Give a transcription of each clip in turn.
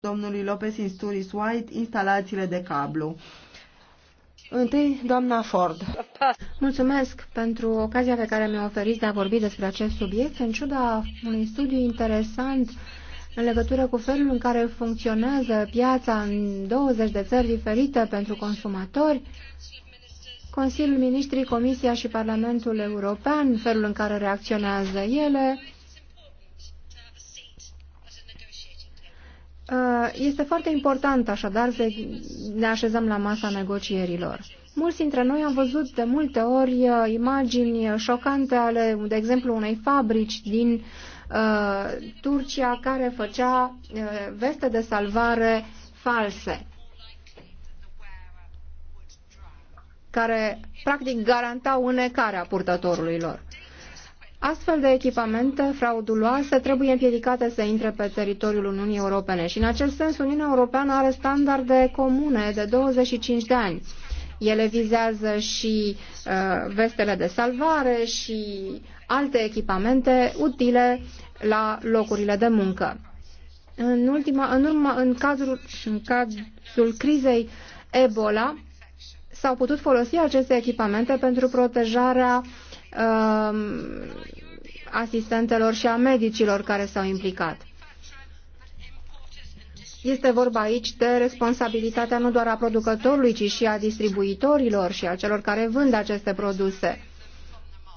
domnului Lopez Insturis White instalațiile de cablu. Întâi, doamna Ford. Mulțumesc pentru ocazia pe care mi-a oferit de a vorbi despre acest subiect, în ciuda unui studiu interesant în legătură cu felul în care funcționează piața în 20 de țări diferite pentru consumatori, Consiliul Ministrii, Comisia și Parlamentul European, felul în care reacționează ele, Uh, este foarte important așadar să ne așezăm la masa negocierilor. Mulți dintre noi am văzut de multe ori uh, imagini șocante ale, de exemplu, unei fabrici din uh, Turcia care făcea uh, veste de salvare false, care practic garantau unecarea purtătorului lor. Astfel de echipamente frauduloase trebuie împiedicate să intre pe teritoriul Uniunii Europene și în acest sens Uniunea Europeană are standarde comune de 25 de ani. Ele vizează și uh, vestele de salvare și alte echipamente utile la locurile de muncă. În, ultima, în, urma, în, cazul, în cazul crizei Ebola s-au putut folosi aceste echipamente pentru protejarea uh, Um, asistentelor și a medicilor care s-au implicat. Este vorba aici de responsabilitatea nu doar a producătorului, ci și a distribuitorilor și a celor care vând aceste produse.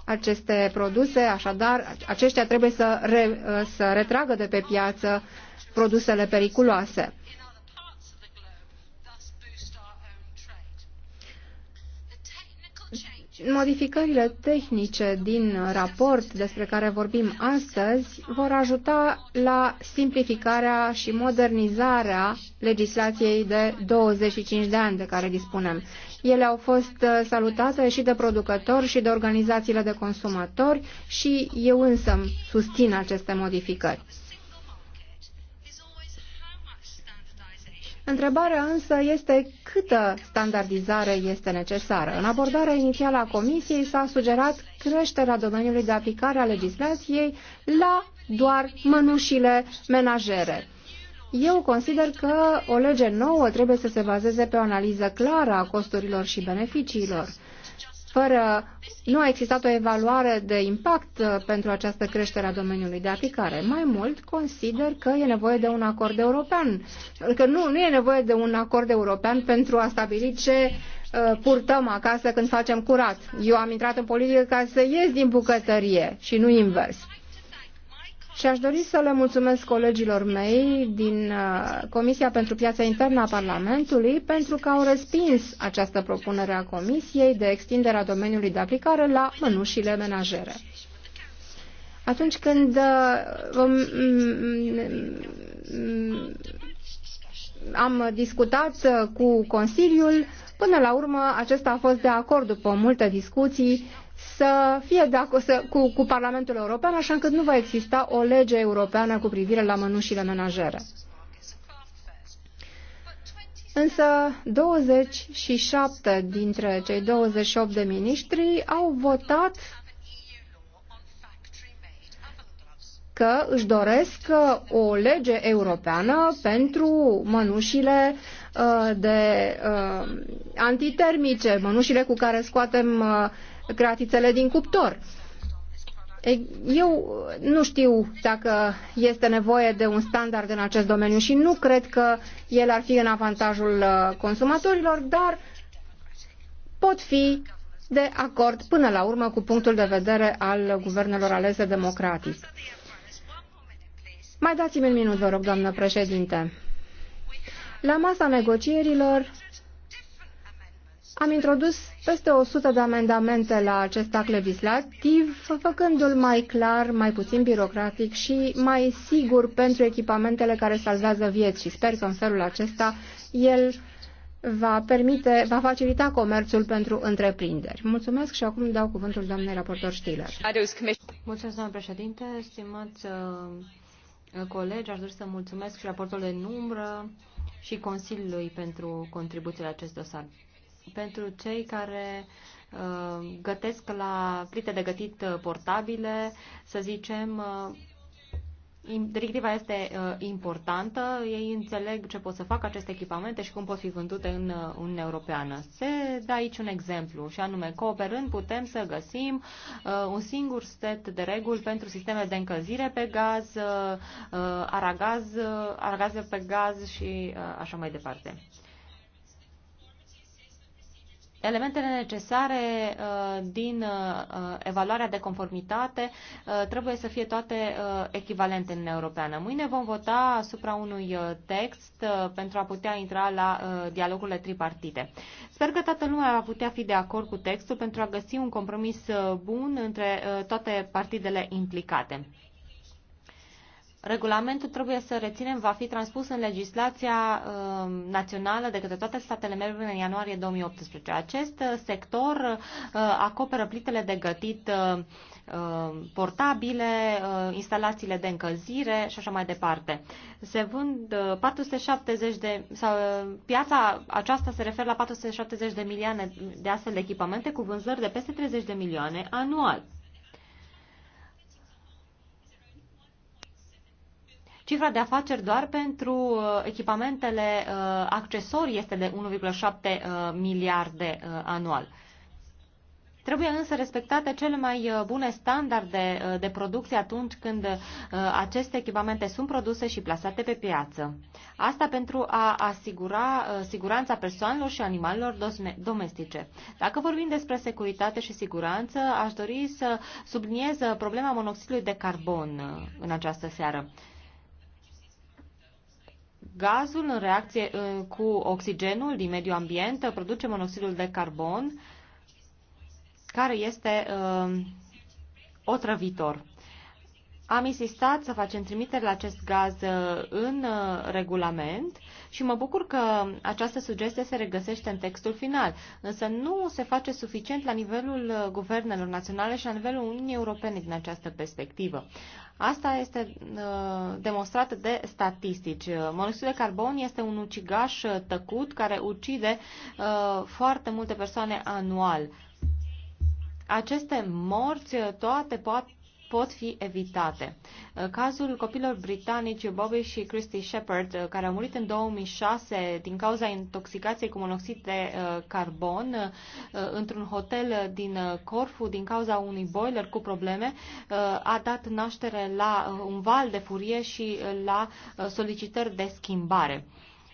Aceste produse, așadar, aceștia trebuie să, re, să retragă de pe piață produsele periculoase. Modificările tehnice din raport despre care vorbim astăzi vor ajuta la simplificarea și modernizarea legislației de 25 de ani de care dispunem. Ele au fost uh, salutate și de producători și de organizațiile de consumatori și eu însă susțin aceste modificări. Întrebarea însă este câtă standardizare este necesară. În abordarea inițială a Comisiei s-a sugerat creșterea domeniului de aplicare a legislației la doar mănușile menajere. Eu consider că o lege nouă trebuie să se bazeze pe o analiză clară a costurilor și beneficiilor fără, nu a existat o evaluare de impact uh, pentru această creștere a domeniului de aplicare. Mai mult, consider că e nevoie de un acord european, că nu, nu e nevoie de un acord european pentru a stabili ce uh, purtăm acasă când facem curat. Eu am intrat în politică ca să ies din bucătărie și nu invers. Și aș dori să le mulțumesc colegilor mei din uh, Comisia pentru Piața Internă a Parlamentului pentru că au respins această propunere a Comisiei de extinderea domeniului de aplicare la mânușile menajere. Atunci când uh, vom, mm, mm, mm, am discutat uh, cu Consiliul, până la urmă acesta a fost de acord după multe discuții să fie de acord cu, cu Parlamentul European, așa încât nu va exista o lege europeană cu privire la mănușile menajere. Însă 27 dintre cei 28 de miniștri au votat că își doresc o lege europeană pentru mănușile uh, de uh, antitermice, mănușile cu care scoatem uh, gratițele din cuptor. Eu nu știu dacă este nevoie de un standard în acest domeniu și nu cred că el ar fi în avantajul uh, consumatorilor, dar pot fi de acord până la urmă cu punctul de vedere al guvernelor alese democratic. Mai dați-mi un minut, vă rog, doamnă președinte. La masa negocierilor am introdus peste 100 de amendamente la acest act legislativ, făcându-l mai clar, mai puțin birocratic și mai sigur pentru echipamentele care salvează vieți și sper că în felul acesta el va permite, va facilita comerțul pentru întreprinderi. Mulțumesc și acum dau cuvântul doamnei raportor Stiller. Mulțumesc, doamnă președinte, stimați uh, colegi, aș dori să mulțumesc și raportul de numbră și Consiliului pentru contribuțiile la acest dosar pentru cei care uh, gătesc la plite de gătit uh, portabile, să zicem, uh, Directiva este uh, importantă, ei înțeleg ce pot să facă aceste echipamente și cum pot fi vândute în uh, Uniunea Europeană. Se dă aici un exemplu și anume, cooperând putem să găsim uh, un singur set de reguli pentru sisteme de încălzire pe gaz, uh, uh aragaz, uh, aragaze pe gaz și uh, așa mai departe elementele necesare uh, din uh, uh, evaluarea de conformitate trebuie să fie toate echivalente în Europeană. Mâine vom vota asupra unui text pentru a putea intra la dialogurile tripartite. Sper că toată lumea va putea fi de acord cu textul pentru a găsi un compromis bun între toate partidele implicate. Regulamentul trebuie să reținem va fi transpus în legislația uh, națională de către toate statele membre în ianuarie 2018. Acest uh, sector uh, acoperă plitele de gătit uh, uh, portabile, uh, instalațiile de încălzire și așa mai departe. Se vând uh, 470 de sau uh, piața aceasta se referă la 470 de milioane de astfel de echipamente cu vânzări de peste 30 de milioane anual. Cifra de afaceri doar pentru uh, echipamentele uh, accesorii este de 1,7 uh, miliarde anual. Trebuie însă respectate cele mai bune standarde de producție atunci când aceste echipamente sunt produse și plasate pe piață. Asta pentru a asigura siguranța persoanelor și animalelor domestice. Dacă vorbim despre securitate și siguranță, aș dori să subliniez problema monoxidului de carbon în această seară. Gazul, în reacție cu oxigenul din mediul ambient, produce monoxidul de carbon, care este uh, otrăvitor. Am insistat să facem trimitere la acest gaz uh, în uh, regulament și mă bucur că această sugestie se regăsește în textul final, însă nu se face suficient la nivelul uh, guvernelor naționale și la nivelul Uniunii Europene din această perspectivă. Asta este uh, demonstrat de statistici. Monoxidul de carbon este un ucigaș tăcut care ucide uh, foarte multe persoane anual. Aceste morți toate pot, pot fi evitate. Uh, cazul copilor britanici Bobby și Christy Shepard, uh, care au murit în 2006 din cauza intoxicației cu monoxid de uh, carbon într-un hotel din Corfu din cauza unui boiler cu probleme, a dat naștere la un val de furie și la solicitări de schimbare.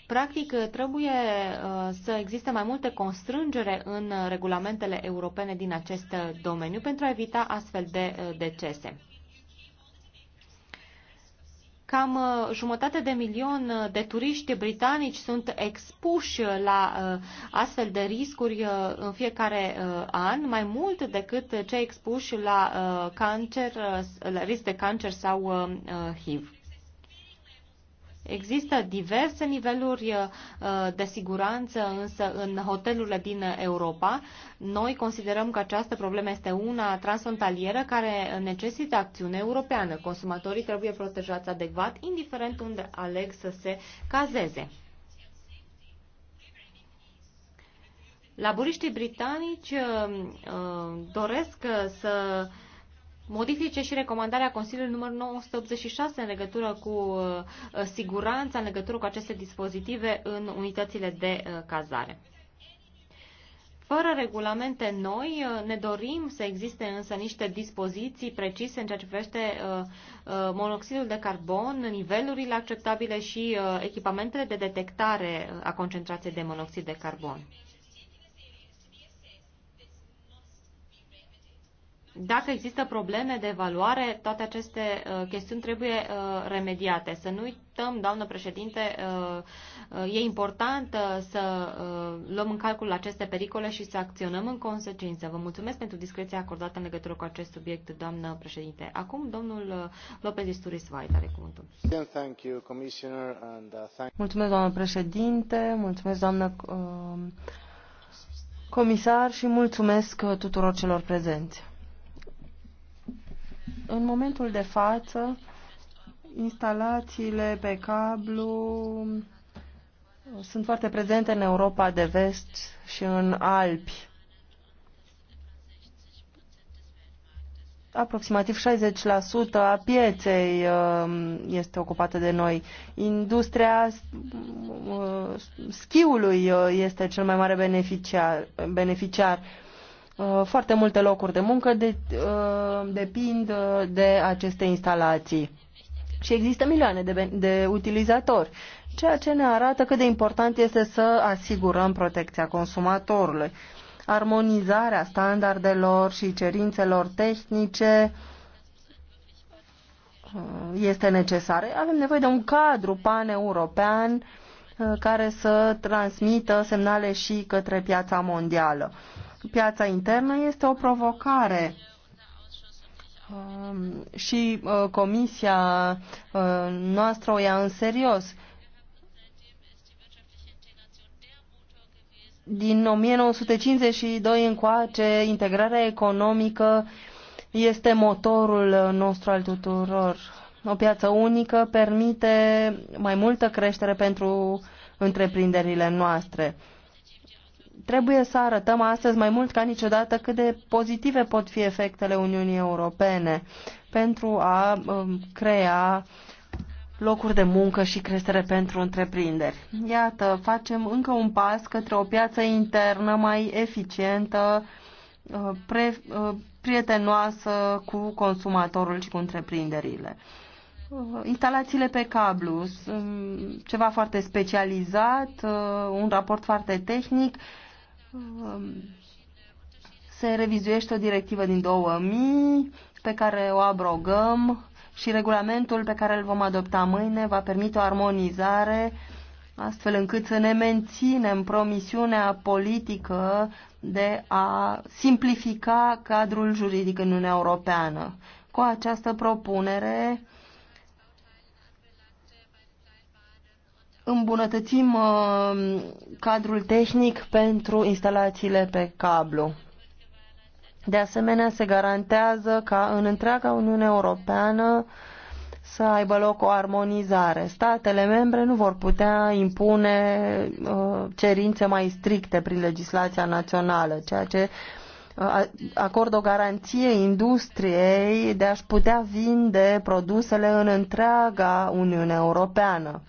Practic, trebuie uh, să existe mai multe constrângere în regulamentele europene din acest domeniu pentru a evita astfel de uh, decese. Cam uh, jumătate de milion de turiști britanici sunt expuși la astfel de riscuri în fiecare an, mai mult decât cei expuși la, cancer, la risc de cancer sau HIV. Există diverse niveluri uh, de siguranță, însă în hotelurile din Europa, noi considerăm că această problemă este una transfrontalieră care necesită acțiune europeană. Consumatorii trebuie protejați adecvat, indiferent unde aleg să se cazeze. Laburiștii britanici uh, uh, doresc să uh, modifice și recomandarea Consiliului numărul 986 în legătură cu uh, siguranța, în legătură cu aceste dispozitive în unitățile de uh, cazare. Fără regulamente noi, uh, ne dorim să existe însă niște dispoziții precise în ceea ce privește monoxidul de carbon, nivelurile acceptabile și echipamentele de detectare a concentrației de monoxid de carbon. Dacă există probleme de evaluare, toate aceste uh, chestiuni trebuie uh, remediate. Să nu uităm, doamnă președinte, uh, uh e important uh, să uh, luăm în calcul aceste pericole și să acționăm în consecință. Vă mulțumesc pentru discreția acordată în legătură cu acest subiect, doamnă președinte. Acum, domnul Lopez Isturis Vait are cuvântul. Mulțumesc, doamnă președinte, mulțumesc, doamnă comisar și mulțumesc tuturor celor prezenți. În momentul de față, instalațiile pe cablu sunt foarte prezente în Europa de vest și în Alpi. Aproximativ 60% a pieței um, este ocupată de noi. Industria um, schiului uh, este cel mai mare beneficiar. beneficiar Uh, foarte multe locuri de muncă de, uh, depind uh, de aceste instalații. Și există milioane de, de utilizatori, ceea ce ne arată cât de important este să asigurăm protecția consumatorului. Armonizarea standardelor și cerințelor tehnice este necesară. Avem nevoie de un cadru paneuropean care să transmită semnale și către piața mondială piața internă este o provocare um, și uh, comisia uh, noastră o ia în serios. Din 1952 încoace, integrarea economică este motorul uh, nostru al tuturor. O piață unică permite mai multă creștere pentru întreprinderile noastre. Trebuie să arătăm astăzi mai mult ca niciodată cât de pozitive pot fi efectele Uniunii Europene pentru a um, crea locuri de muncă și creștere pentru întreprinderi. Iată, facem încă un pas către o piață internă mai eficientă, uh, pre, uh, prietenoasă cu consumatorul și cu întreprinderile. Uh, instalațiile pe cablu, ceva foarte specializat, un raport foarte tehnic Um, se revizuiește o directivă din 2000 pe care o abrogăm și regulamentul pe care îl vom adopta mâine va permite o armonizare astfel încât să ne menținem promisiunea politică de a simplifica cadrul juridic în Uniunea Europeană. Cu această propunere îmbunătățim uh, cadrul tehnic pentru instalațiile pe cablu. De asemenea, se garantează ca în întreaga Uniune Europeană să aibă loc o armonizare. Statele membre nu vor putea impune uh, cerințe mai stricte prin legislația națională, ceea ce uh, acordă o garanție industriei de a-și putea vinde produsele în întreaga Uniune Europeană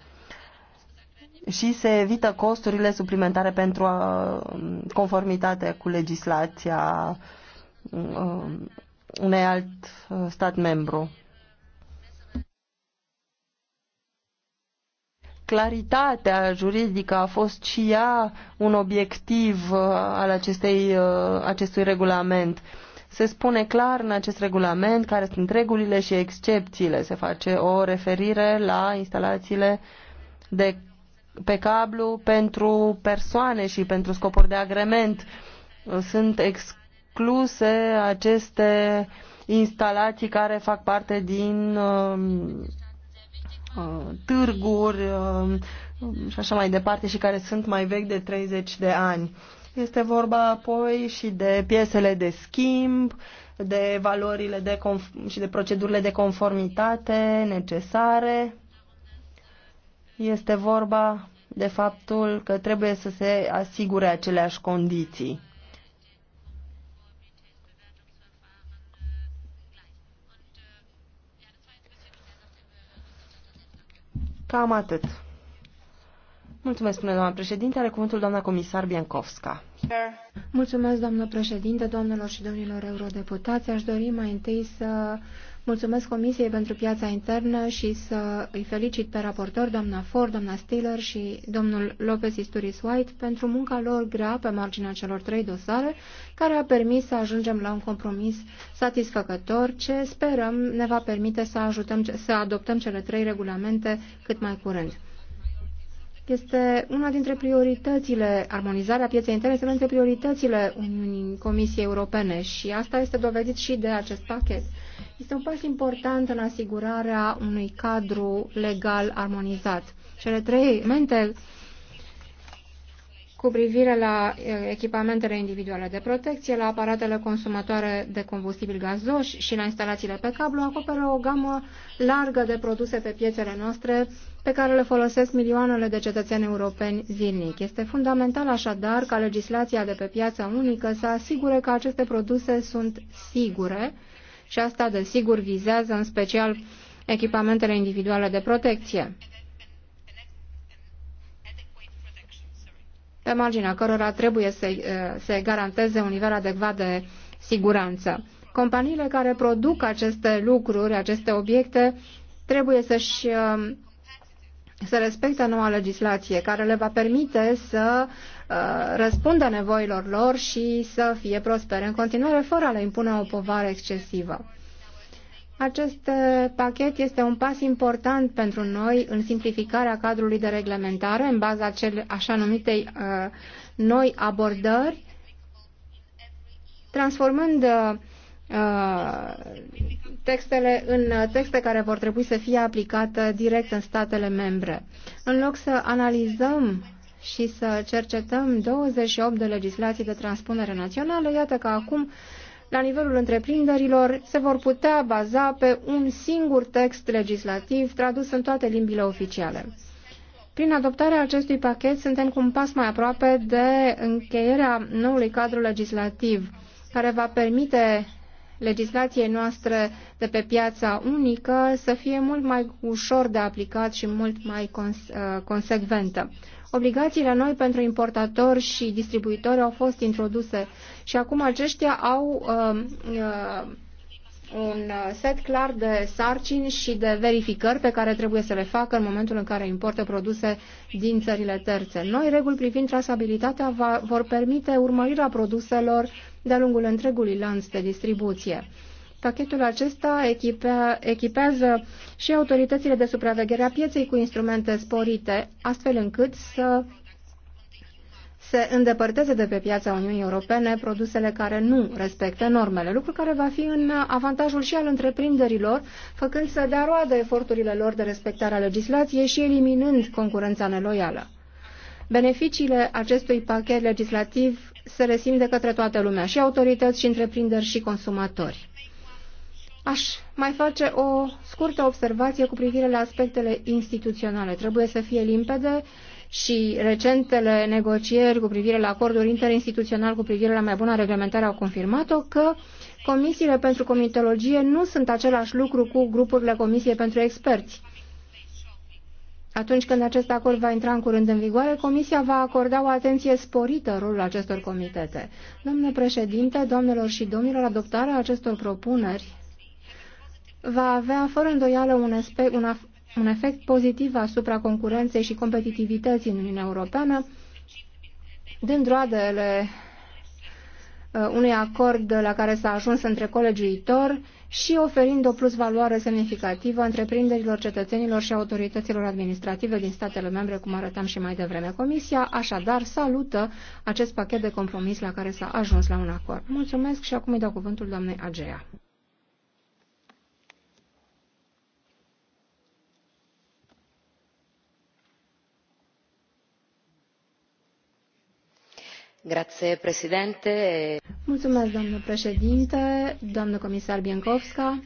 și se evită costurile suplimentare pentru a, uh, conformitate cu legislația uh, unei alt uh, stat membru. Claritatea juridică a fost și ea un obiectiv al acestei, acestui regulament. Se spune clar în acest regulament care sunt regulile și excepțiile. Se face o referire la instalațiile de pe cablu pentru persoane și pentru scopuri de agrement. Sunt excluse aceste instalații care fac parte din um, uh, târguri um, și așa mai departe și care sunt mai vechi de 30 de ani. Este vorba apoi și de piesele de schimb, de valorile de și de procedurile de conformitate necesare. Este vorba de faptul că trebuie să se asigure aceleași condiții. Cam atât. Mulțumesc, doamna președinte. Are cuvântul doamna comisar Biancovska. Mulțumesc, doamna președinte, doamnelor și domnilor eurodeputați. Aș dori mai întâi să Mulțumesc Comisiei pentru piața internă și să îi felicit pe raportor, doamna Ford, doamna Stiller și domnul Lopez Isturis White pentru munca lor grea pe marginea celor trei dosare, care a permis să ajungem la un compromis satisfăcător, ce sperăm ne va permite să, ajutăm, să adoptăm cele trei regulamente cât mai curând. Este una dintre prioritățile, armonizarea pieței interne este una dintre prioritățile Uniunii Comisiei Europene și asta este dovedit și de acest pachet. Este un pas important în asigurarea unui cadru legal armonizat. Cele trei elemente cu privire la echipamentele individuale de protecție, la aparatele consumatoare de combustibil gazoși și la instalațiile pe cablu, acoperă o gamă largă de produse pe piețele noastre pe care le folosesc milioanele de cetățeni europeni zilnic. Este fundamental așadar ca legislația de pe piața unică să asigure că aceste produse sunt sigure și asta, desigur, vizează în special echipamentele individuale de protecție. pe marginea cărora trebuie să uh, se garanteze un nivel adecvat de siguranță. Companiile care produc aceste lucruri, aceste obiecte, trebuie să-și uh, să respecte noua legislație care le va permite să uh, răspundă nevoilor lor și să fie prospere în continuare fără a le impune o povară excesivă. Acest uh, pachet este un pas important pentru noi în simplificarea cadrului de reglementare în baza cel așa numitei uh, noi abordări, transformând uh, Uh, textele în uh, texte care vor trebui să fie aplicate direct în statele membre. În loc să analizăm și să cercetăm 28 de legislații de transpunere națională, iată că acum, la nivelul întreprinderilor, se vor putea baza pe un singur text legislativ tradus în toate limbile oficiale. Prin adoptarea acestui pachet, suntem cu un pas mai aproape de încheierea noului cadru legislativ care va permite legislație noastră de pe piața unică să fie mult mai ușor de aplicat și mult mai cons- uh, consecventă. Obligațiile noi pentru importatori și distribuitori au fost introduse și acum aceștia au uh, uh, un set clar de sarcini și de verificări pe care trebuie să le facă în momentul în care importă produse din țările terțe. Noi reguli privind trasabilitatea va, vor permite urmărirea produselor de-a lungul întregului lanț de distribuție. Pachetul acesta echipea, echipează și autoritățile de supraveghere a pieței cu instrumente sporite, astfel încât să se îndepărteze de pe piața Uniunii Europene produsele care nu respectă normele, lucru care va fi în avantajul și al întreprinderilor, făcând să dea roadă eforturile lor de respectare a legislației și eliminând concurența neloială. Beneficiile acestui pachet legislativ se de către toată lumea, și autorități, și întreprinderi, și consumatori. Aș mai face o scurtă observație cu privire la aspectele instituționale. Trebuie să fie limpede și recentele negocieri cu privire la acorduri interinstituțional cu privire la mai bună reglementare au confirmat-o că comisiile pentru comitologie nu sunt același lucru cu grupurile comisie pentru experți. Atunci când acest acord va intra în curând în vigoare, Comisia va acorda o atenție sporită rolul acestor comitete. Domnule președinte, doamnelor și domnilor, adoptarea acestor propuneri va avea fără îndoială un, aspect, un, un efect pozitiv asupra concurenței și competitivității în Uniunea Europeană, dând roadele uh, unui acord la care s-a ajuns între colegiuitori și oferind o plusvaloare semnificativă întreprinderilor, cetățenilor și autorităților administrative din statele membre, cum arătam și mai devreme. Comisia așadar salută acest pachet de compromis la care s-a ajuns la un acord. Mulțumesc și acum îi dau cuvântul doamnei Agea. președinte. Mulțumesc, doamnă președinte, doamnă comisar biekowska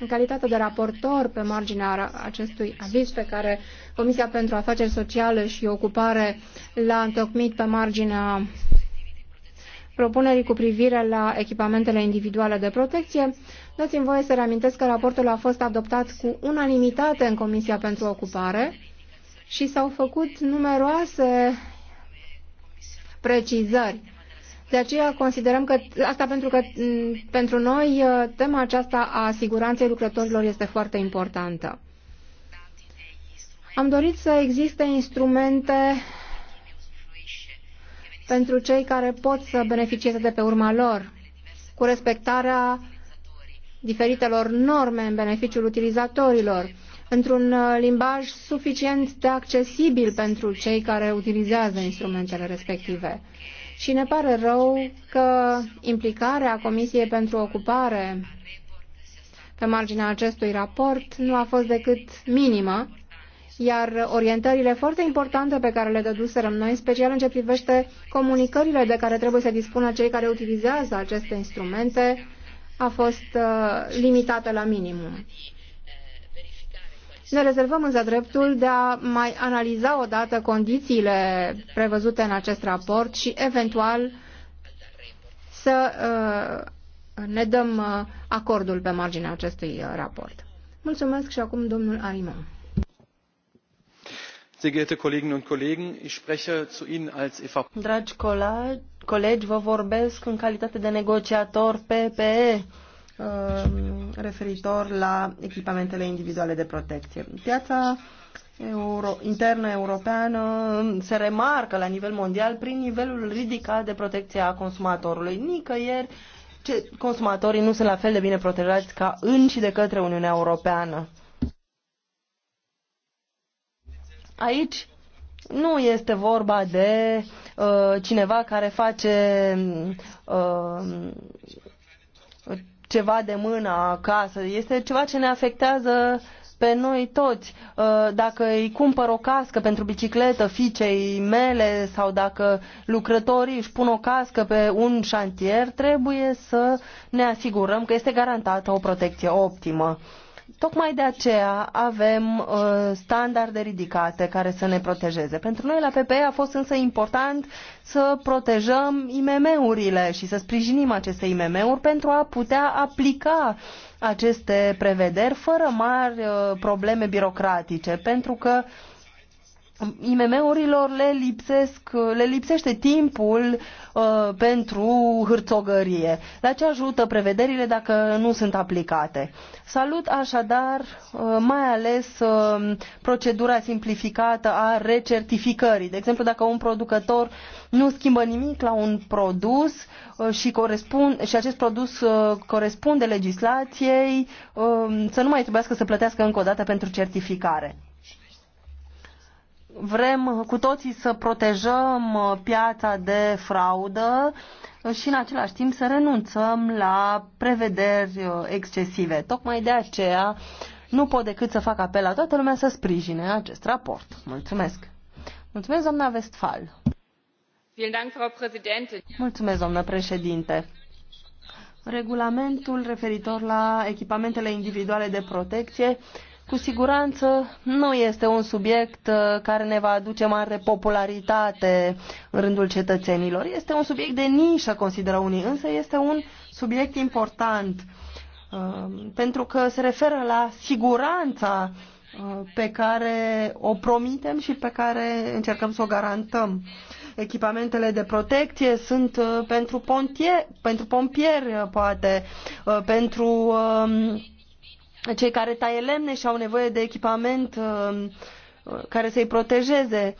În calitate de raportor pe marginea acestui aviz pe care Comisia pentru Afaceri Sociale și Ocupare l-a întocmit pe marginea propunerii cu privire la echipamentele individuale de protecție, dați-mi voie să reamintesc că raportul a fost adoptat cu unanimitate în Comisia pentru Ocupare și s-au făcut numeroase precizări. De aceea considerăm că, asta pentru că pentru noi uh, tema aceasta a siguranței lucrătorilor este foarte importantă. Am dorit să existe instrumente pentru cei care pot să beneficieze de pe urma lor, cu respectarea diferitelor norme în beneficiul utilizatorilor într-un uh, limbaj suficient de accesibil pentru cei care utilizează instrumentele respective. Și ne pare rău că implicarea Comisiei pentru Ocupare pe marginea acestui raport nu a fost decât minimă, iar orientările foarte importante pe care le dăduserăm noi, în special în ce privește comunicările de care trebuie să dispună cei care utilizează aceste instrumente, a fost uh, limitată la minimum. Ne rezervăm însă dreptul de a mai analiza odată condițiile prevăzute în acest raport și eventual să uh, ne dăm uh, acordul pe marginea acestui uh, raport. Mulțumesc și acum domnul Arimon. Sehr geehrte Kolleginnen und Kollegen, ich spreche zu Ihnen als EVP. Dragi colegi, vă vorbesc în calitate de negociator PPE referitor la echipamentele individuale de protecție. Piața euro, internă europeană se remarcă la nivel mondial prin nivelul ridicat de protecție a consumatorului. Nicăieri ce, consumatorii nu sunt la fel de bine protejați ca în și de către Uniunea Europeană. Aici nu este vorba de uh, cineva care face uh, ceva de mână acasă, este ceva ce ne afectează pe noi toți. Uh, dacă îi cumpăr o cască pentru bicicletă fiicei mele sau dacă lucrătorii își pun o cască pe un șantier, trebuie să ne asigurăm că este garantată o protecție optimă. Tocmai de aceea avem uh, standarde ridicate care să ne protejeze. Pentru noi la PPE a fost însă important să protejăm IMM-urile și să sprijinim aceste IMM-uri pentru a putea aplica aceste prevederi fără mari uh, probleme birocratice, pentru că IMM-urilor le, lipsesc, le lipsește timpul uh, pentru hârțogărie. La ce ajută prevederile dacă nu sunt aplicate? Salut așadar uh, mai ales uh, procedura simplificată a recertificării. De exemplu, dacă un producător nu schimbă nimic la un produs uh, și, corespund, și acest produs uh, corespunde legislației, uh, să nu mai trebuiască să plătească încă o dată pentru certificare vrem cu toții să protejăm piața de fraudă și în același timp să renunțăm la prevederi excesive. Tocmai de aceea nu pot decât să fac apel la toată lumea să sprijine acest raport. Mulțumesc! Mulțumesc, doamna Westphal! Mulțumesc, doamnă președinte! Regulamentul referitor la echipamentele individuale de protecție cu siguranță nu este un subiect uh, care ne va aduce mare popularitate în rândul cetățenilor. Este un subiect de nișă, consideră unii, însă este un subiect important uh, pentru că se referă la siguranța uh, pe care o promitem și pe care încercăm să o garantăm. Echipamentele de protecție sunt pentru, pontier, pentru pompieri, poate, pentru um, cei care taie lemne și au nevoie de echipament uh, uh, care să-i protejeze.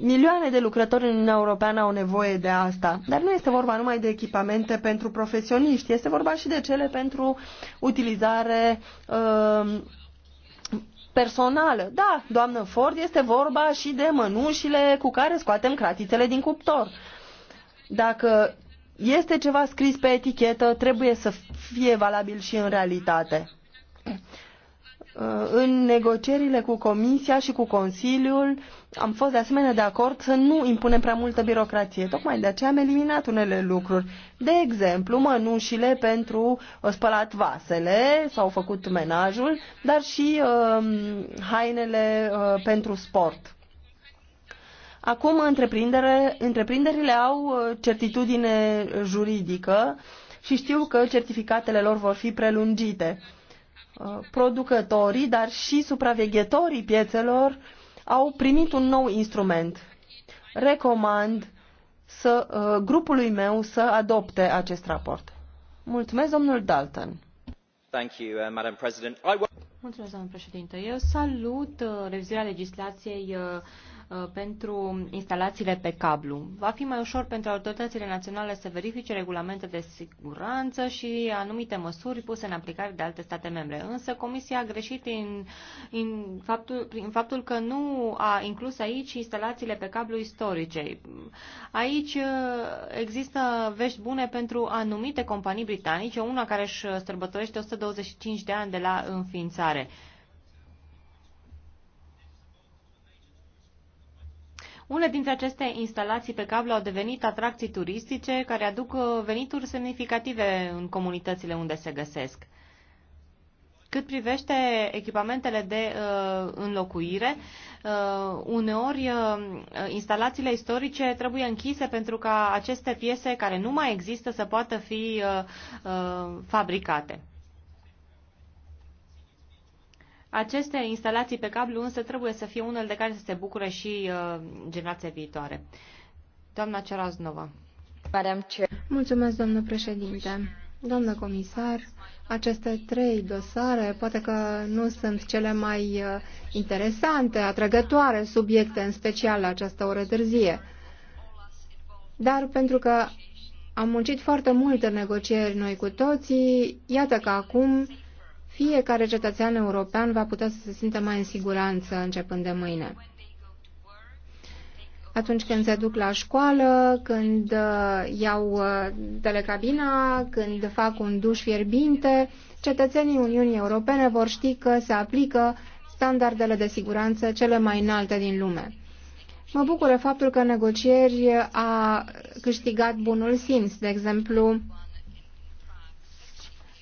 Milioane de lucrători în Uniunea Europeană au nevoie de asta. Dar nu este vorba numai de echipamente pentru profesioniști, este vorba și de cele pentru utilizare uh, personală. Da, doamnă Ford, este vorba și de mănușile cu care scoatem cratițele din cuptor. Dacă este ceva scris pe etichetă, trebuie să fie valabil și în realitate. Uh, în negocierile cu Comisia și cu Consiliul am fost de asemenea de acord să nu impunem prea multă birocrație. Tocmai de aceea am eliminat unele lucruri. De exemplu, mănușile pentru uh, spălat vasele, s-au făcut menajul, dar și uh, hainele uh, pentru sport Acum întreprinderile au uh, certitudine juridică și știu că certificatele lor vor fi prelungite. Uh, producătorii, dar și supraveghetorii piețelor au primit un nou instrument. Recomand să, uh, grupului meu să adopte acest raport. Mulțumesc, domnul Dalton. Mulțumesc, domnul președinte. Eu salut revizuirea legislației uh, Uh, pentru instalațiile pe cablu. Va fi mai ușor pentru autoritățile naționale să verifice regulamente de siguranță și anumite măsuri puse în aplicare de alte state membre. Însă Comisia a greșit în, în, faptul, în faptul că nu a inclus aici instalațiile pe cablu istorice. Aici uh, există vești bune pentru anumite companii britanice, una care își sărbătorește 125 de ani de la înființare. Unele dintre aceste instalații pe cablu au devenit atracții turistice care aduc uh, venituri semnificative în comunitățile unde se găsesc. Cât privește echipamentele de uh, înlocuire, uh, uneori uh, instalațiile istorice trebuie închise pentru ca aceste piese care nu mai există să poată fi uh, uh, fabricate. Aceste instalații pe cablu însă trebuie să fie unele de care să se bucure și uh, generația viitoare. Doamna Ceraznova. Mulțumesc, doamnă președinte. Doamnă comisar, aceste trei dosare poate că nu sunt cele mai uh, interesante, atrăgătoare subiecte, în special la această oră târzie. Dar pentru că am muncit foarte mult în negocieri noi cu toții, iată că acum fiecare cetățean european va putea să se simtă mai în siguranță începând de mâine. Atunci când se duc la școală, când uh, iau uh, telecabina, când fac un duș fierbinte, cetățenii Uniunii Europene vor ști că se aplică standardele de siguranță cele mai înalte din lume. Mă bucură faptul că negocieri a câștigat bunul simț, de exemplu,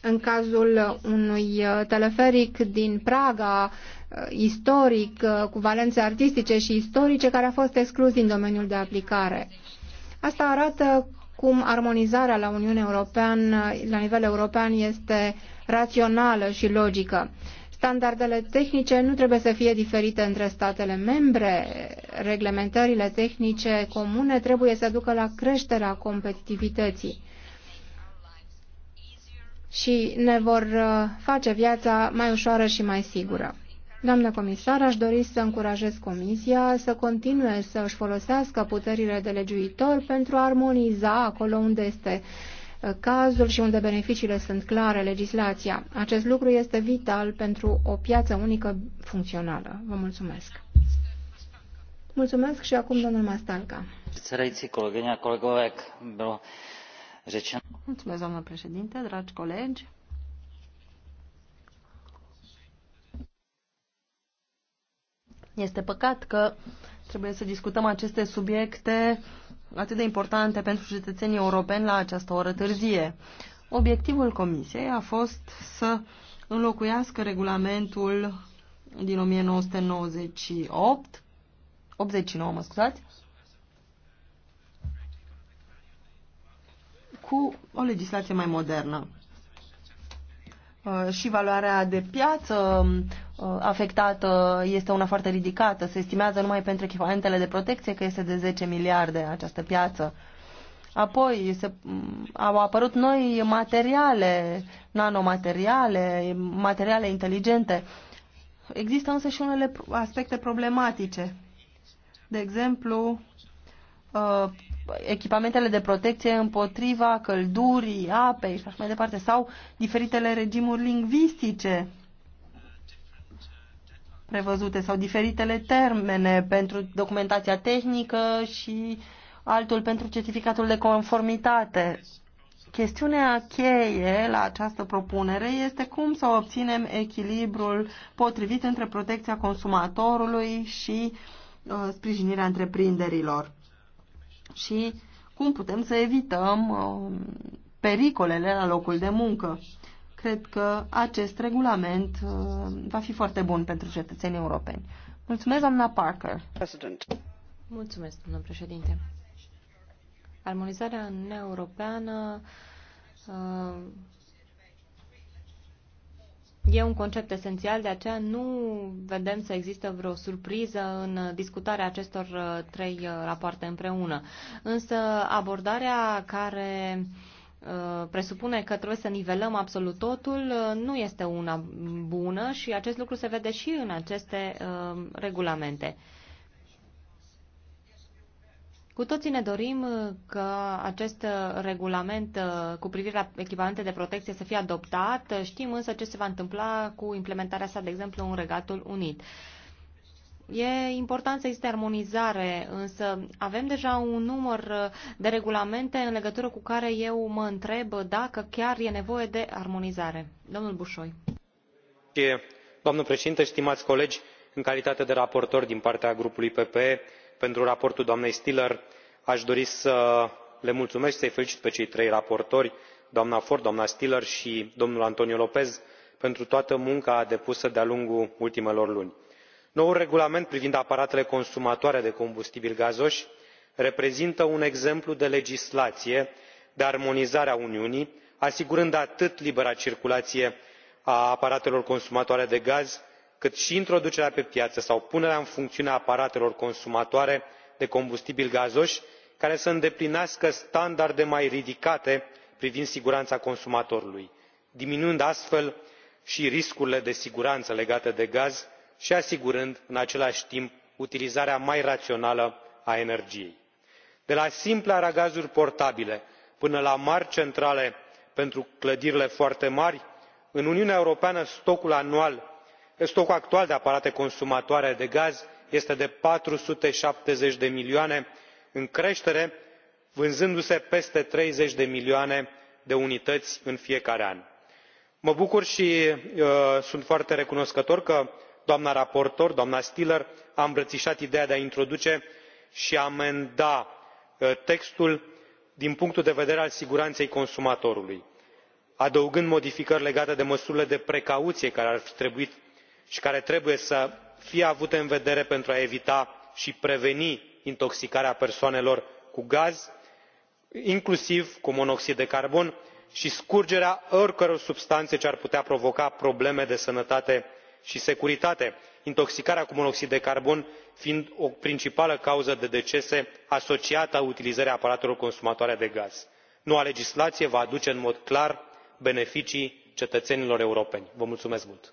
în cazul unui uh, teleferic din Praga, uh, istoric, uh, cu valențe artistice și istorice, care a fost exclus din domeniul de aplicare. Asta arată cum armonizarea la Uniunea Europeană, la nivel european, este rațională și logică. Standardele tehnice nu trebuie să fie diferite între statele membre. Reglementările tehnice comune trebuie să ducă la creșterea competitivității și ne vor uh, face viața mai ușoară și mai sigură. Doamnă comisar, aș dori să încurajez Comisia să continue să își folosească puterile de legiuitor pentru a armoniza acolo unde este uh, cazul și unde beneficiile sunt clare, legislația. Acest lucru este vital pentru o piață unică funcțională. Vă mulțumesc. Mulțumesc și acum domnul Mastalca. Sărăiții, kolegyně a kolegové, bylo Mulțumesc, doamnă președinte, dragi colegi. Este păcat că trebuie să discutăm aceste subiecte atât de importante pentru cetățenii europeni la această oră târzie. Obiectivul Comisiei a fost să înlocuiască regulamentul din 1998, 89, mă scuzați, cu o legislație mai modernă. Uh, și valoarea de piață uh, afectată este una foarte ridicată. Se estimează numai pentru echipamentele de protecție că este de 10 miliarde această piață. Apoi se, mm, au apărut noi materiale, nanomateriale, materiale inteligente. Există însă și unele aspecte problematice. De exemplu, uh, echipamentele de protecție împotriva căldurii, apei și așa mai departe, sau diferitele regimuri lingvistice prevăzute sau diferitele termene pentru documentația tehnică și altul pentru certificatul de conformitate. Chestiunea cheie la această propunere este cum să obținem echilibrul potrivit între protecția consumatorului și uh, sprijinirea întreprinderilor și cum putem să evităm uh, pericolele la locul de muncă. Cred că acest regulament uh, va fi foarte bun pentru cetățenii europeni. Mulțumesc, doamna Parker. President. Mulțumesc, domnule președinte. Armonizarea în Europeană uh, E un concept esențial, de aceea nu vedem să există vreo surpriză în discutarea acestor uh, trei uh, rapoarte împreună. Însă abordarea care uh, presupune că trebuie să nivelăm absolut totul, nu este una bună și acest lucru se vede și în aceste regulamente. Cu toții ne dorim uh, că acest uh, regulament uh, cu privire la echipamente de protecție să fie adoptat, știm însă ce se va întâmpla cu implementarea sa, de exemplu, în Regatul Unit. E important să existe armonizare, însă avem deja un număr de regulamente în legătură cu care eu mă întreb dacă chiar e nevoie de armonizare. Domnul Bușoi. Doamnă președintă, stimați colegi, în calitate de raportor din partea grupului ppe pentru raportul doamnei stihler aș dori să le mulțumesc și să i felicit pe cei trei raportori doamna ford doamna stihler și domnul antonio lpez pentru toată munca depusă de a lungul ultimelor luni. noul regulament privind aparatele consumatoare de combustibili gazoși reprezintă un exemplu de legislație de armonizare a uniunii asigurând atât libera circulație a aparatelor consumatoare de gaz cât și introducerea pe piață sau punerea în funcțiune a aparatelor consumatoare de combustibili gazoși care să îndeplinească standarde mai ridicate privind siguranța consumatorului diminuând astfel și riscurile de siguranță legate de gaz și asigurând în același timp utilizarea mai rațională a energiei. de la simple aragazuri portabile până la mari centrale pentru clădirile foarte mari în uniunea europeană stocul anual stocul actual de aparate consumatoare de gaz este de patru sute șaptezeci de milioane în creștere vânzându se peste treizeci de milioane de unități în fiecare an. mă bucur și uh, sunt foarte recunoscător că doamna raportor doamna stihler a îmbrățișat ideea de a introduce și amenda uh, textul din punctul de vedere al siguranței consumatorului adăugând modificări legate de măsurile de precauție care ar fi trebuit și care trebuie să fie avute în vedere pentru a evita și preveni intoxicarea persoanelor cu gaz inclusiv cu monoxid de carbon și scurgerea oricăror substanțe ce ar putea provoca probleme de sănătate și securitate intoxicarea cu monoxid de carbon fiind o principală cauză de decese asociată utilizării aparatelor consumatoare de gaz. noua legislație va aduce în mod clar beneficii cetățenilor europeni. vă mulțumesc mult.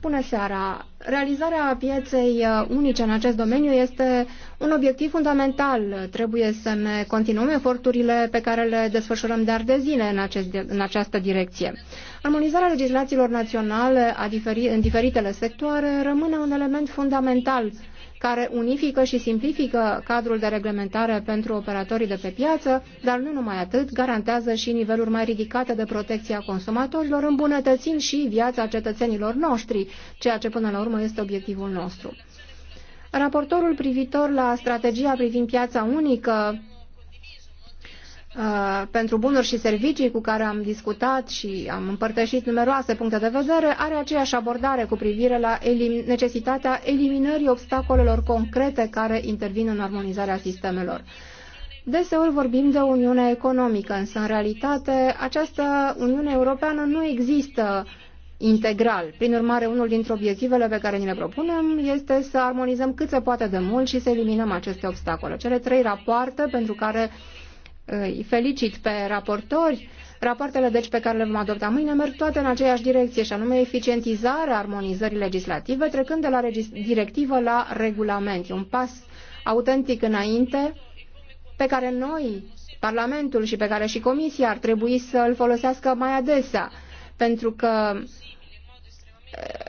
Bună seara! Realizarea pieței uh, unice în acest domeniu este un obiectiv fundamental. Trebuie să ne continuăm eforturile pe care le desfășurăm de ani de zile în, acest, în această direcție. Armonizarea legislațiilor naționale a diferi, în diferitele sectoare rămâne un element fundamental care unifică și simplifică cadrul de reglementare pentru operatorii de pe piață, dar nu numai atât, garantează și niveluri mai ridicate de protecție a consumatorilor, îmbunătățind și viața cetățenilor noștri, ceea ce până la urmă este obiectivul nostru. Raportorul privitor la strategia privind piața unică Uh, pentru bunuri și servicii cu care am discutat și am împărtășit numeroase puncte de vedere, are aceeași abordare cu privire la elim necesitatea eliminării obstacolelor concrete care intervin în armonizarea sistemelor. Deseori vorbim de Uniune Economică, însă în realitate această Uniune Europeană nu există integral. Prin urmare, unul dintre obiectivele pe care ni le propunem este să armonizăm cât se poate de mult și să eliminăm aceste obstacole. Cele trei rapoarte pentru care uh, îi felicit pe raportori. Rapoartele, deci, pe care le vom adopta mâine merg toate în aceeași direcție, și anume eficientizarea armonizării legislative, trecând de la directivă la regulament. E un pas autentic înainte pe care noi, Parlamentul și pe care și Comisia ar trebui să îl folosească mai adesea, pentru că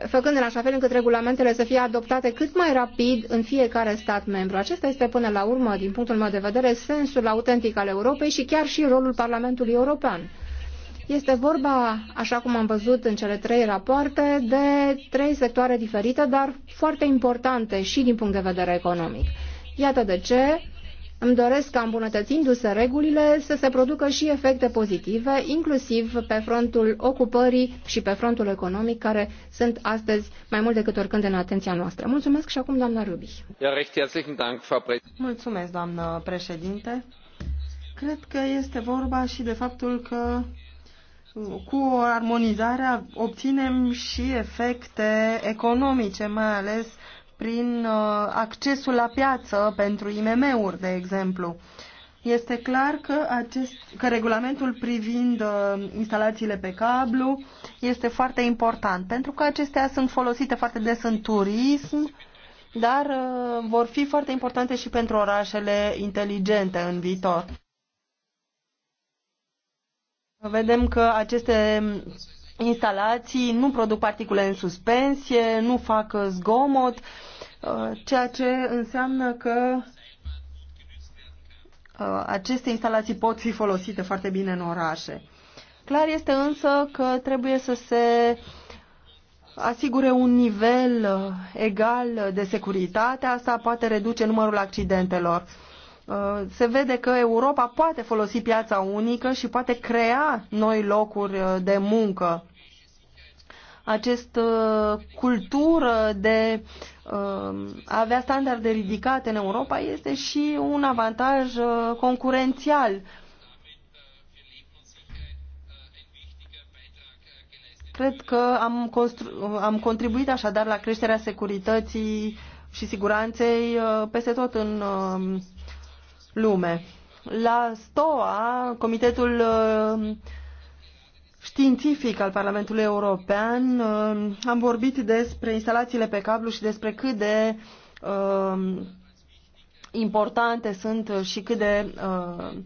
făcând în așa fel încât regulamentele să fie adoptate cât mai rapid în fiecare stat membru. Acesta este până la urmă, din punctul meu de vedere, sensul autentic al Europei și chiar și rolul Parlamentului European. Este vorba, așa cum am văzut în cele trei rapoarte, de trei sectoare diferite, dar foarte importante și din punct de vedere economic. Iată de ce îmi doresc ca îmbunătățindu-se regulile să se producă și efecte pozitive, inclusiv pe frontul ocupării și pe frontul economic, care sunt astăzi mai mult decât oricând în atenția noastră. Mulțumesc și acum, doamna Rubi. Mulțumesc, doamnă președinte. Cred că este vorba și de faptul că cu o armonizare obținem și efecte economice, mai ales prin uh, accesul la piață pentru IMM-uri, de exemplu. Este clar că, acest, că regulamentul privind uh, instalațiile pe cablu este foarte important, pentru că acestea sunt folosite foarte des în turism, dar uh, vor fi foarte importante și pentru orașele inteligente în viitor. Vedem că aceste instalații nu produc particule în suspensie, nu fac zgomot, uh, Uh, ceea ce înseamnă că uh, aceste instalații pot fi folosite foarte bine în orașe. Clar este însă că trebuie să se asigure un nivel uh, egal de securitate, asta poate reduce numărul accidentelor. Se vede că Europa poate folosi piața unică și poate crea noi locuri de muncă. Această cultură de uh, a um, avea standarde ridicate în Europa este și un avantaj uh, concurențial. Cred că am, am contribuit așadar la creșterea securității și siguranței uh, peste tot în um, lume. La STOA, Comitetul uh, științific al Parlamentului European uh, am vorbit despre instalațiile pe cablu și despre cât de uh, importante sunt și cât de uh,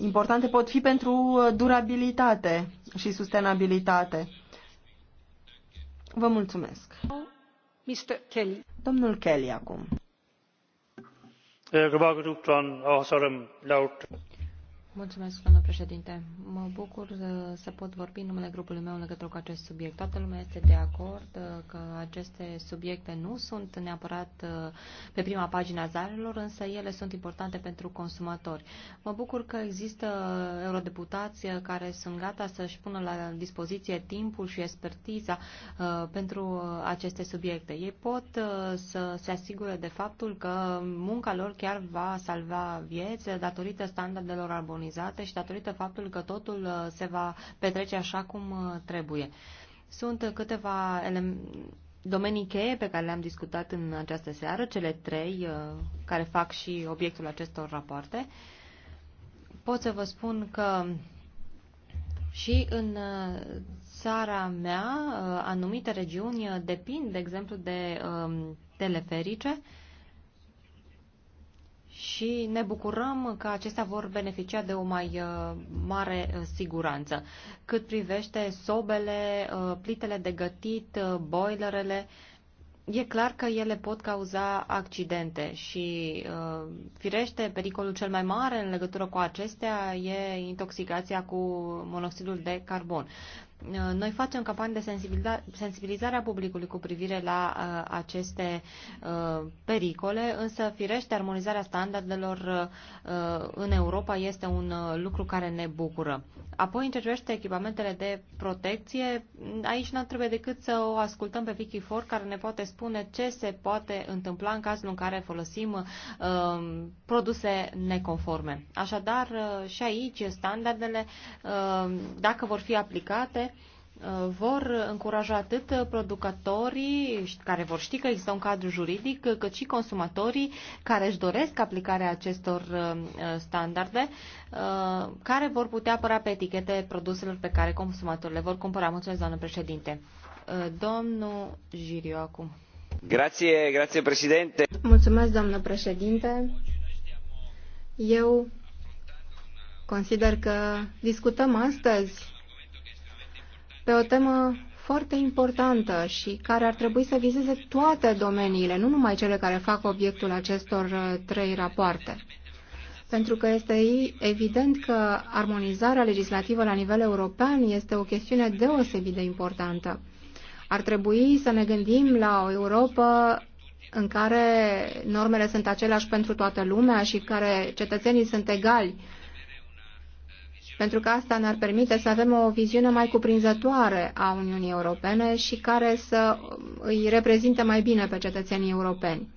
importante pot fi pentru durabilitate și sustenabilitate. Vă mulțumesc. Mr. Kelly. Domnul Kelly acum eh, Mulțumesc, domnule președinte. Mă bucur uh, să pot vorbi în numele grupului meu în legătură cu acest subiect. Toată lumea este de acord uh, că aceste subiecte nu sunt neapărat uh, pe prima pagina a zarelor, însă ele sunt importante pentru consumatori. Mă bucur că există eurodeputați care sunt gata să-și pună la dispoziție timpul și expertiza pentru aceste subiecte. Ei pot să se asigure de faptul că munca lor chiar va salva vieți datorită standardelor armonizate organizate și datorită faptului că totul uh, se va petrece așa cum uh, trebuie. Sunt câteva domenii cheie pe care le-am discutat în această seară, cele trei uh, care fac și obiectul acestor rapoarte. Pot să vă spun că și în țara mea anumite regiuni depind, de exemplu, de um, teleferice, și ne bucurăm că acestea vor beneficia de o mai uh, mare uh, siguranță. Cât privește sobele, uh, plitele de gătit, boilerele, e clar că ele pot cauza accidente și, firește, pericolul cel mai mare în legătură cu acestea e intoxicația cu monoxidul de carbon. Uh, noi facem campanii de sensibilizare a publicului cu privire la uh, aceste uh, pericole, însă, firește, armonizarea standardelor în Europa este un lucru care ne bucură. Apoi, încercăște echipamentele de protecție, aici nu trebuie decât să o ascultăm pe Vicky Ford, care ne poate spune ce se poate întâmpla în cazul în care folosim produse neconforme. Așadar, și aici, standardele, dacă vor fi aplicate, vor încuraja atât producătorii care vor ști că există un cadru juridic, cât și consumatorii care își doresc aplicarea acestor uh, standarde, uh, care vor putea apăra pe etichete produselor pe care consumatorii le vor cumpăra. Mulțumesc, doamnă președinte. Uh, domnul Giriu, acum. Grație, grație, președinte. Mulțumesc, doamnă președinte. Eu consider că discutăm astăzi pe o temă foarte importantă și care ar trebui să vizeze toate domeniile, nu numai cele care fac obiectul acestor uh, trei rapoarte. Pentru că este evident că armonizarea legislativă la nivel european este o chestiune deosebit de importantă. Ar trebui să ne gândim la o Europa în care normele sunt aceleași pentru toată lumea și în care cetățenii sunt egali pentru că asta ne-ar permite să avem o viziune mai cuprinzătoare a Uniunii Europene și care să îi reprezinte mai bine pe cetățenii europeni.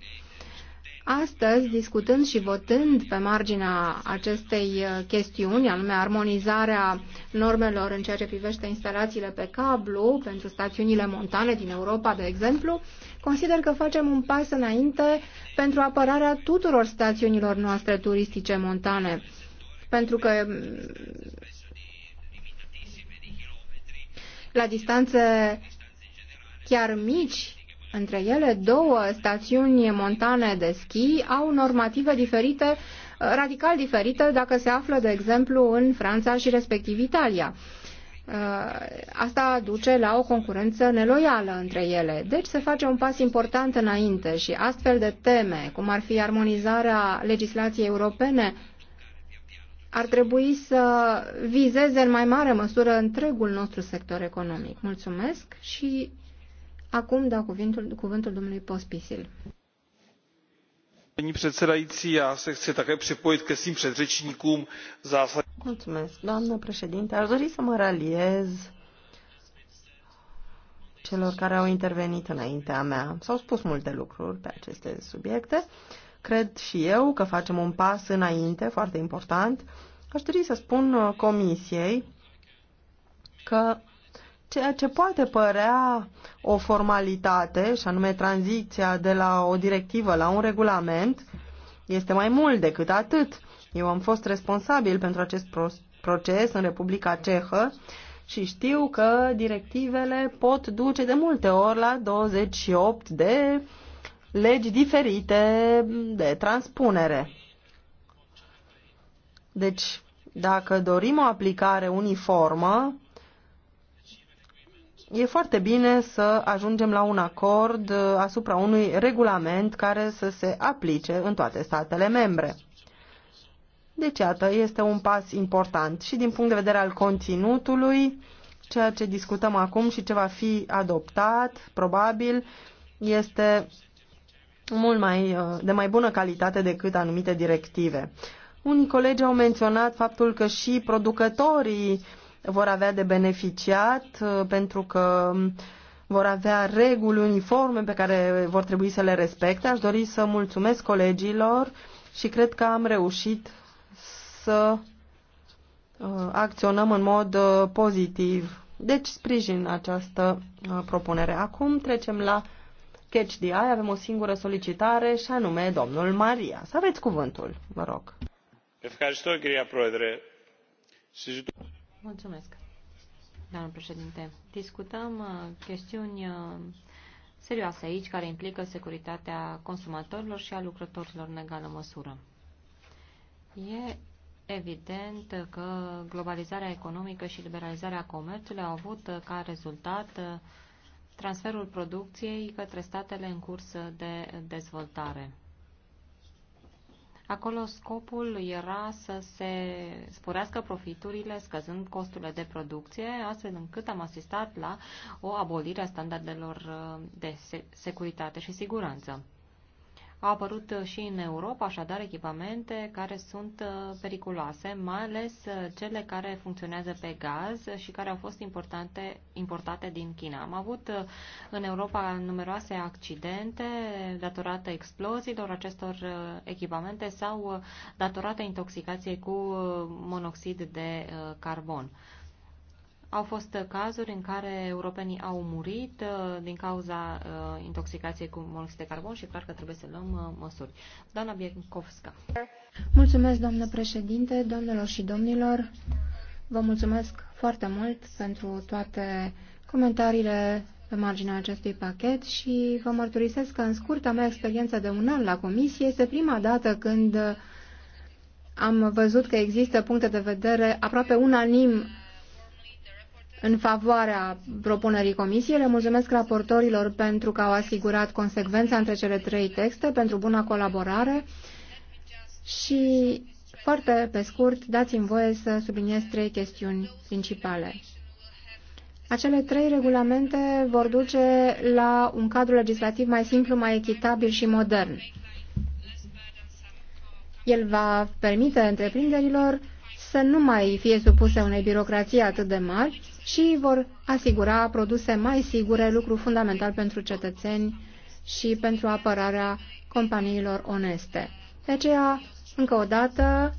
Astăzi, discutând și votând pe marginea acestei chestiuni, anume armonizarea normelor în ceea ce privește instalațiile pe cablu pentru stațiunile montane din Europa, de exemplu, consider că facem un pas înainte pentru apărarea tuturor stațiunilor noastre turistice montane pentru că mm, la distanțe chiar mici între ele, două stațiuni montane de schi au normative diferite, radical diferite, dacă se află, de exemplu, în Franța și respectiv Italia. Uh, asta duce la o concurență neloială între ele. Deci se face un pas important înainte și astfel de teme, cum ar fi armonizarea legislației europene, ar trebui să vizeze în mai mare măsură întregul nostru sector economic. Mulțumesc și acum dau cuvântul, cuvântul domnului Pospisil. Paní předsedající, já se chci také připojit ke svým předřečníkům zásad. Mulțumesc, doamnă președinte. Aș dori să mă raliez celor care au intervenit înaintea mea. S-au spus multe lucruri pe aceste subiecte. Uh, Cred și eu că facem un pas înainte, foarte important. Aș dori să spun uh, Comisiei că ceea ce poate părea o formalitate, și anume tranziția de la o directivă la un regulament, este mai mult decât atât. Eu am fost responsabil pentru acest proces în Republica Cehă și știu că directivele pot duce de multe ori la 28 de legi diferite de transpunere. Deci, dacă dorim o aplicare uniformă, e foarte bine să ajungem la un acord uh, asupra unui regulament care să se aplice în toate statele membre. Deci, iată, este un pas important și din punct de vedere al conținutului, ceea ce discutăm acum și ce va fi adoptat, probabil, este mult mai, uh, de mai bună calitate decât anumite directive. Unii colegi au menționat faptul că și producătorii vor avea de beneficiat uh, pentru că vor avea reguli uniforme pe care vor trebui să le respecte. Aș dori să mulțumesc colegilor și cred că am reușit să uh, acționăm în mod pozitiv. Deci sprijin această propunere. Acum trecem la Catch the Eye avem o singură solicitare și anume domnul Maria. Să aveți cuvântul, vă rog. Mulțumesc, doamnă președinte. Discutăm uh, chestiuni uh, serioase aici care implică securitatea consumatorilor și a lucrătorilor în egală măsură. E evident că globalizarea economică și liberalizarea comerțului au avut uh, ca rezultat transferul producției către statele în curs de dezvoltare. Acolo scopul era să se sporească profiturile, scăzând costurile de producție, astfel încât am asistat la o abolire a standardelor de securitate și siguranță. Au apărut uh, și în Europa, așadar, echipamente care sunt uh, periculoase, mai ales uh, cele care funcționează pe gaz și care au fost importante, importate din China. Am avut în Europa numeroase accidente datorate exploziilor acestor echipamente sau datorate intoxicației cu monoxid de carbon. Au fost cazuri în care europenii au murit uh, din cauza uh, intoxicației cu monoxid de carbon și clar că trebuie să luăm uh, măsuri. Doamna Biencovska. Mulțumesc, doamnă președinte, doamnelor și domnilor. Vă mulțumesc foarte mult pentru toate comentariile pe marginea acestui pachet și vă mărturisesc că în scurta mea experiență de un an la comisie este prima dată când am văzut că există puncte de vedere aproape unanim în favoarea propunerii comisiei. Le mulțumesc raportorilor pentru că au asigurat consecvența între cele trei texte, pentru buna colaborare și, foarte pe scurt, dați-mi voie să subliniez trei chestiuni principale. Acele trei regulamente vor duce la un cadru legislativ mai simplu, mai echitabil și modern. El va permite întreprinderilor să nu mai fie supuse unei birocrații atât de mari și vor asigura produse mai sigure, lucru fundamental pentru cetățeni și pentru apărarea companiilor oneste. De aceea, încă o dată,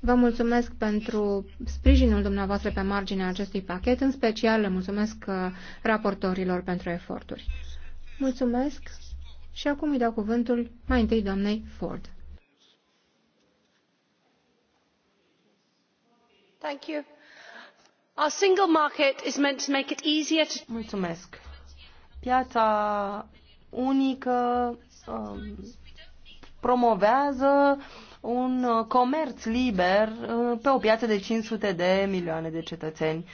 vă mulțumesc pentru sprijinul dumneavoastră pe marginea acestui pachet, în special le mulțumesc uh, raportorilor pentru eforturi. Mulțumesc și acum îi dau cuvântul mai întâi doamnei Ford. Thank you. Our single market is meant to make it easier to... Mulțumesc. Piața unică um, promovează un uh, comerț liber uh, pe o piață de 500 de milioane de cetățeni.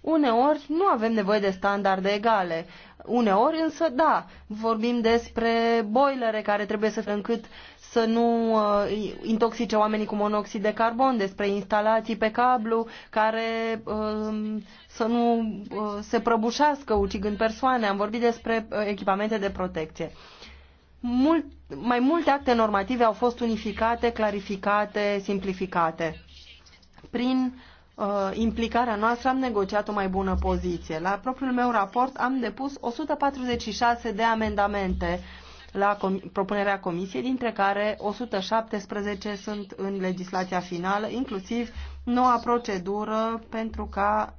Uneori nu avem nevoie de standarde egale. Uneori însă da, vorbim despre boilere care trebuie să fie încât să nu uh, intoxice oamenii cu monoxid de carbon, despre instalații pe cablu care uh, să nu uh, se prăbușească ucigând persoane. Am vorbit despre uh, echipamente de protecție. Mult, mai multe acte normative au fost unificate, clarificate, simplificate. Prin uh, implicarea noastră am negociat o mai bună poziție. La propriul meu raport am depus 146 de amendamente uh, la com- propunerea Comisiei, dintre care 117 sunt în legislația finală, inclusiv noua procedură pentru ca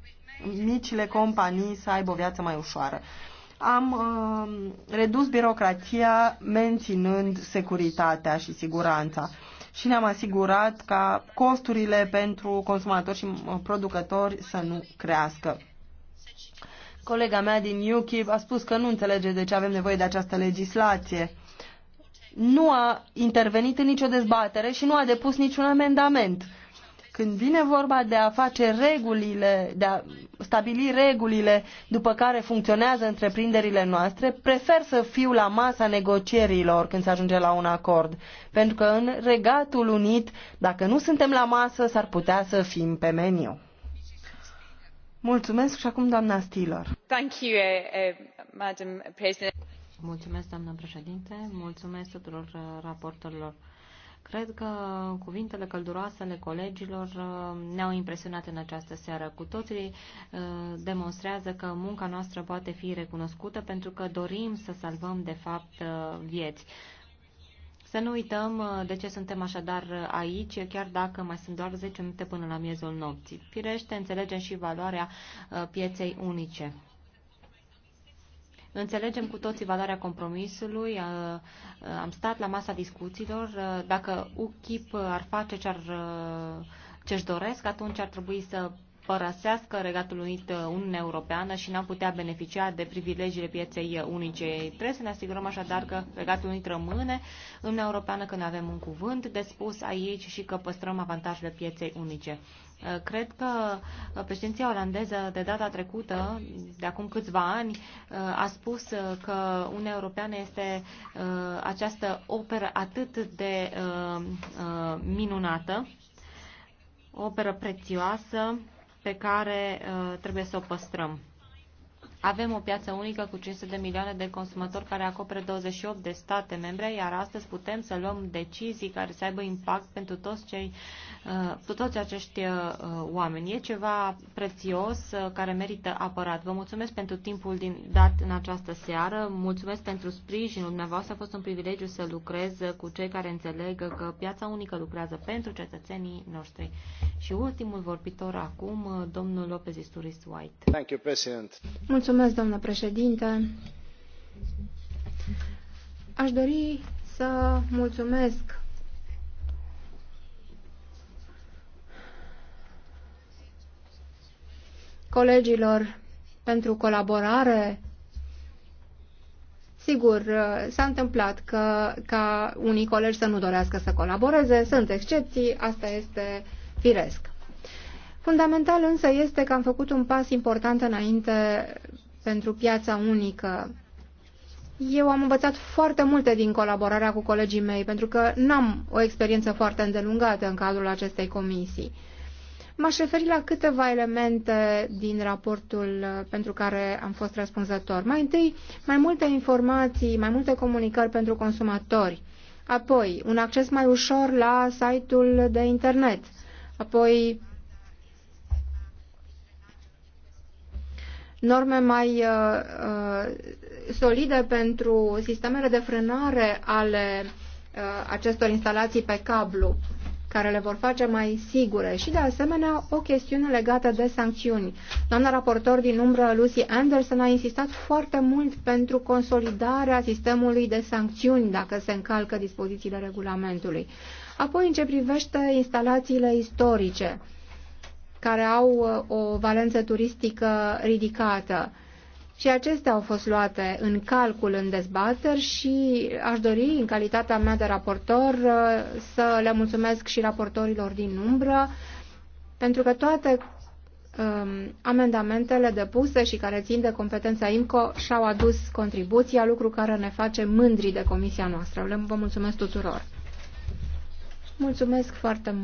micile companii să aibă o viață mai ușoară. Am uh, redus birocrația menținând securitatea și siguranța și ne-am asigurat ca costurile pentru consumatori și uh, producători să nu crească. Colega mea din UKIP a spus că nu înțelege de ce avem nevoie de această legislație. Nu a intervenit în nicio dezbatere și nu a depus niciun amendament. Când vine vorba de a face regulile, de a stabili regulile după care funcționează întreprinderile noastre, prefer să fiu la masa negocierilor când se ajunge la un acord. Pentru că în Regatul Unit, dacă nu suntem la masă, s-ar putea să fim pe meniu. Mulțumesc și acum doamna Stiller. Thank you, eh, eh, Madam President. Mulțumesc, doamnă președinte. Mulțumesc tuturor eh, raportorilor. Cred că cuvintele călduroase ale colegilor ne-au impresionat în această seară. Cu toții demonstrează că munca noastră poate fi recunoscută pentru că dorim să salvăm, de fapt, vieți. Să nu uităm uh, de ce suntem așadar uh, aici, chiar dacă mai sunt doar 10 minute până la miezul nopții. Firește, înțelegem și valoarea uh, pieței unice. Înțelegem cu toții valoarea compromisului, am stat la masa discuțiilor. Dacă UKIP ar face ce ar, ce doresc, atunci ar trebui să părăsească Regatul Unit uh, Uniunea Europeană și n-am putea beneficia de privilegiile pieței uh, unice. Trebuie să ne asigurăm așadar că Regatul Unit rămâne în Uniunea Europeană, că ne avem un cuvânt de spus aici și că păstrăm avantajele pieței unice. Uh, cred că președinția olandeză de data trecută, de acum câțiva ani, a spus că Uniunea Europeană este această operă atât de minunată, o operă prețioasă, pe care uh, trebuie să o păstrăm. Avem o piață unică cu 500 de milioane de consumatori care acopere 28 de state membre, iar astăzi putem să luăm decizii care să aibă impact pentru toți, cei, uh, toți acești uh, uh, oameni. E ceva prețios uh, care merită apărat. Vă mulțumesc pentru timpul din, dat în această seară, mulțumesc pentru sprijinul dumneavoastră. A fost un privilegiu să lucrez uh, cu cei care înțeleg că piața unică lucrează pentru cetățenii noștri. Și ultimul vorbitor acum, uh, domnul Lopez Isturis White. Thank you, President. Mulțumesc Mulțumesc, domnule președinte. Aș dori să mulțumesc colegilor pentru colaborare. Sigur, s-a întâmplat că, ca unii colegi să nu dorească să colaboreze, sunt excepții, asta este firesc. Fundamental însă este că am făcut un pas important înainte pentru piața unică. Eu am învățat foarte multe din colaborarea cu colegii mei, pentru că n-am o experiență foarte îndelungată în cadrul acestei comisii. M-aș referi la câteva elemente din raportul uh, pentru care am fost răspunzător. Mai întâi, mai multe informații, mai multe comunicări pentru consumatori. Apoi, un acces mai ușor la site-ul de internet. Apoi, norme mai uh, uh, solide pentru sistemele de frânare ale uh, acestor instalații pe cablu, care le vor face mai sigure și, de asemenea, o chestiune legată de sancțiuni. Doamna raportor din umbră, Lucy Anderson, a insistat foarte mult pentru consolidarea sistemului de sancțiuni dacă se încalcă dispozițiile regulamentului. Apoi, în ce privește instalațiile istorice, care au uh, o valență turistică ridicată. Și acestea au fost luate în calcul în dezbateri și aș dori, în calitatea mea de raportor, uh, să le mulțumesc și raportorilor din umbră, pentru că toate um, amendamentele depuse și care țin de competența IMCO și-au adus contribuția, lucru care ne face mândri de comisia noastră. Le vă mulțumesc tuturor! Mulțumesc foarte mult!